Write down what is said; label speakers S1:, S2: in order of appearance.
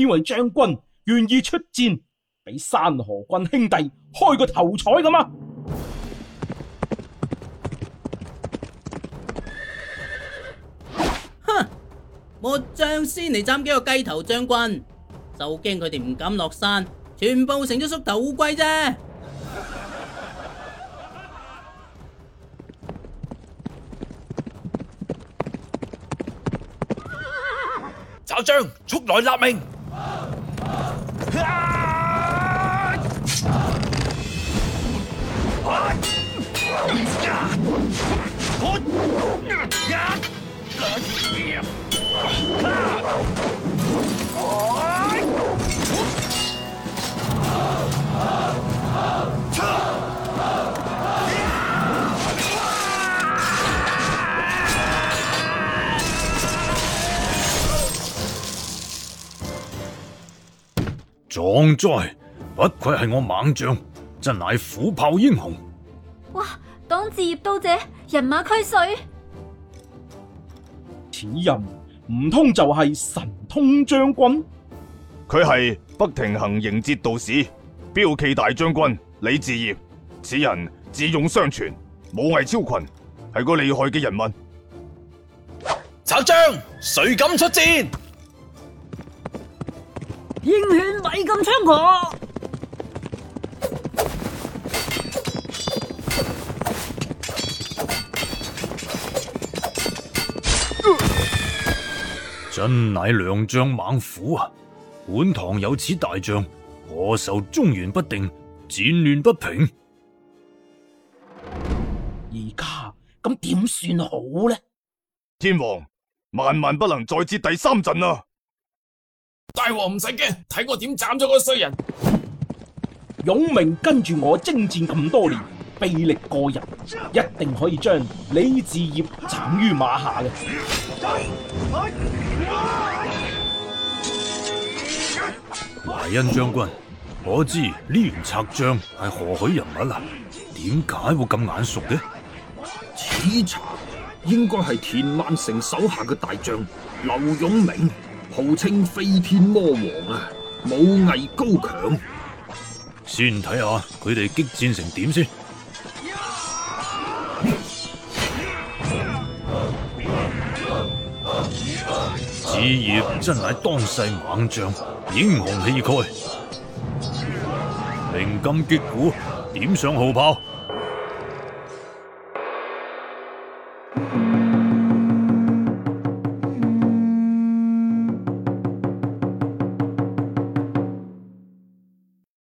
S1: 邊位將軍願意出戰，俾山河軍兄弟開個頭彩㗎嘛？哼，末將先嚟斬幾個雞頭將軍，就驚佢哋唔敢落山，全部成咗縮頭烏龜啫！曹將速來
S2: 立命。壯哉！不愧係我猛將，
S1: 真乃虎豹英雄。
S2: 哇！擋住業刀者，人馬俱碎。
S1: 此人唔通就係神通將軍？佢係北庭行營節度使驃騎大將軍李嗣業。此人智勇雙全，武藝超群，係個厲害嘅人物。賊將，誰敢出戰？鷹犬咪咁猖狂。
S2: 真乃良將猛虎啊！本堂有此大將，何愁中原不定、戰亂
S1: 不平？而家咁點算好呢？天王萬萬不能再接第三陣啊！大王唔使驚，睇我點斬咗嗰衰人！勇明跟住我征戰咁多年，臂力過人，一定可以將李志業斬於馬下嘅。
S2: 殷將軍，我知呢員賊將係何
S1: 許人物啊？點解會咁眼熟嘅？此賊應該係田萬成手下嘅大將劉勇明，號稱飛天魔王啊，武藝高強。
S2: 先睇下佢哋激戰成點先。此葉真乃當世猛將，英雄氣概，鳴金擊鼓，點上號炮。